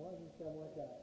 Можно сказать, ja,